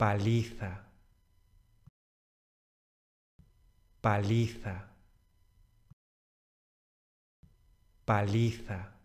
paliza, paliza, paliza.